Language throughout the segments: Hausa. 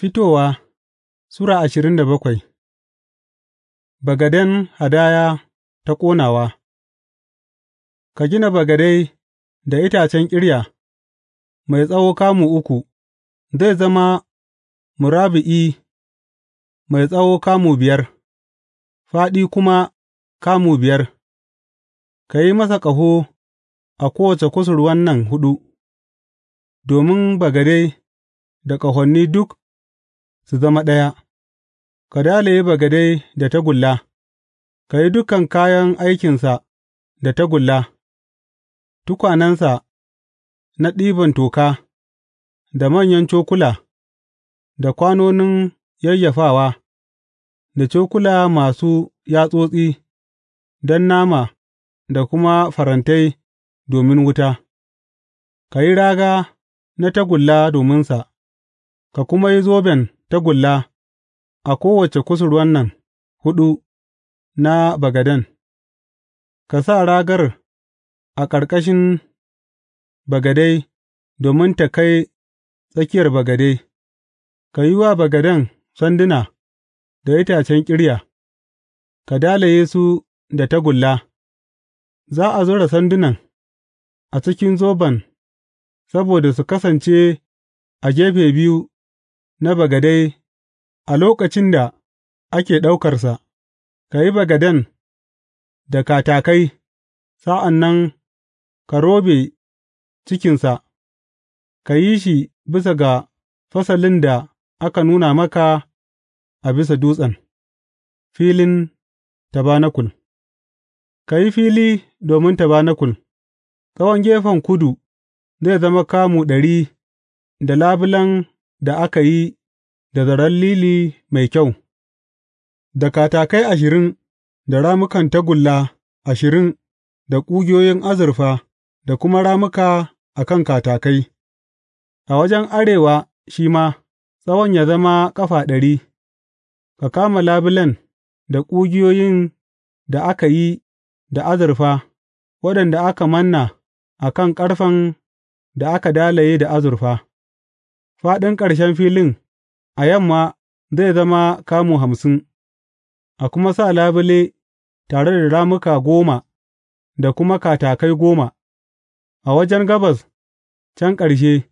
Fitowa Sura ashirin da bakwai Bagaden hadaya ta ƙonawa Ka gina bagadai da itacen ƙirya mai tsawo kamu uku, zai zama murabi'i mai tsawo kamu biyar, faɗi kuma kamu biyar, ka yi masa ƙaho a kowace kusurwan nan huɗu, domin bagadai da ƙahonni duk su zama ɗaya, ka dalaye bagade da tagulla, ka yi dukan kayan aikinsa da tagulla, tukwanensa na ɗiban toka, da manyan cokula, da kwanonin yayyafawa, da cokula masu yatsotsi don nama da kuma farantai domin wuta, ka yi raga na tagulla dominsa, ka kuma yi zoben tagulla a kowace kusurwan nan huɗu na bagaden, ka sa ragar a ƙarƙashin bagade domin ta kai tsakiyar bagade, ka yi wa bagaden sanduna da itacen ƙirya, ka dalaye su da tagulla, za a zura sandunan a cikin zoban saboda su kasance a gefe biyu na bagade a lokacin da ake ɗaukarsa, ka yi bagaden da katakai, sa'an nan ka robe cikinsa, ka yi shi bisa ga fasalin da aka nuna maka a bisa dutsen, filin tabanakul. Ka yi fili domin tabanakul, tsawon gefen kudu zai zama kamu ɗari da labulen da aka yi da zaren lili mai kyau, da katakai ashirin, da rammukan tagulla ashirin, da ƙugiyoyin azurfa, da kuma ramuka a kan katakai, a wajen arewa shi ma, tsawon ya zama ƙafa ɗari, ka kama labulen da ƙugiyoyin da aka yi da azurfa, waɗanda aka manna a kan ƙarfen da aka dalaye da azurfa. Faɗin ƙarshen filin a yamma zai zama kamu hamsin, a kuma sa labule tare da ramuka goma da kuma katakai goma, a wajen gabas can ƙarshe,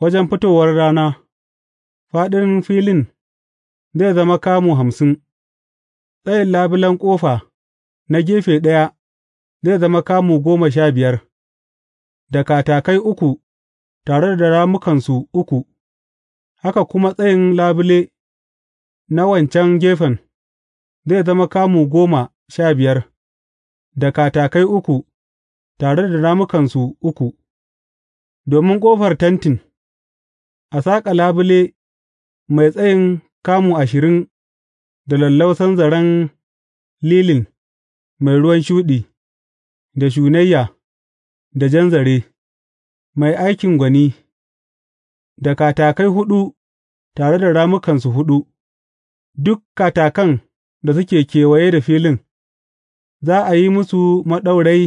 wajen fitowar rana, faɗin filin zai zama kamu hamsin, tsayin labulen ƙofa na gefe ɗaya zai zama kamu goma sha biyar, da katakai uku tare da rammukansu uku, haka kuma tsayin labule na wancan gefen zai zama kamu goma sha biyar, da katakai uku tare da rammukansu uku, domin ƙofar tentin, a saƙa labule mai tsayin kamu ashirin da lallausan zaren lilin mai ruwan shuɗi, da shunayya, da jan zare. mai aikin gwani, da katakai huɗu tare da ramukansu huɗu, duk katakan da suke kewaye da filin, za a yi musu maɗaurai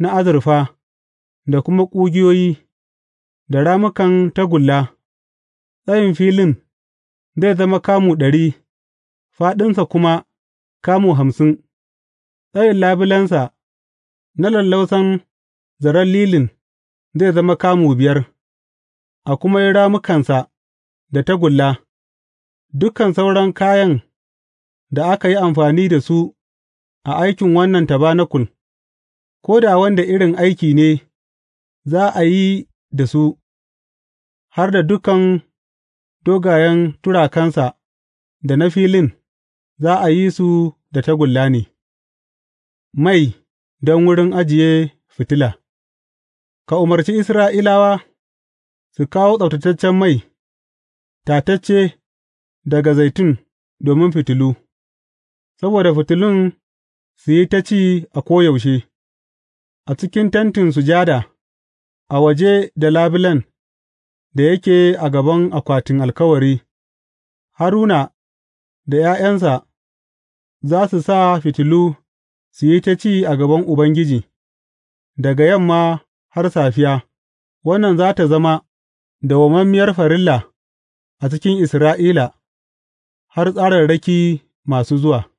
na azurfa da kuma ƙugiyoyi da rammukan tagulla, tsayin filin zai zama kamu ɗari, faɗinsa kuma kamu hamsin, tsayin labulensa na lallausan zaren lilin. zai zama kamu biyar, a kuma yi ramukansa da tagulla, dukan sauran kayan da aka yi amfani da su a aikin wannan tabanakul, ko da wanda irin aiki ne za a yi da su, har da dukan dogayen turakansa da na filin, za a yi su da tagulla ne, mai don wurin ajiye fitila. Ka umarci Isra'ilawa su kawo tsabtataccen mai, tatacce daga zaitun domin fitilu, saboda fitilun su yi ta ci a koyaushe, a cikin Tentin Sujada, a waje da labulen da yake a gaban akwatin alkawari, Haruna da ’ya'yansa za su sa fitilu su yi ta ci a gaban Ubangiji, daga yamma har safiya, wannan za tă zama dawwammamiyar farilla a cikin Isra'ila har tsararraki masu zuwa.